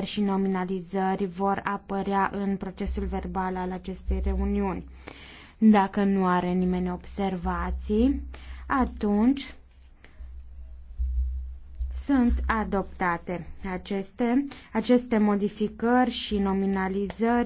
și nominalizări vor apărea în procesul verbal al acestei reuniuni. Dacă nu are nimeni observații, atunci sunt adoptate aceste, aceste modificări și nominalizări.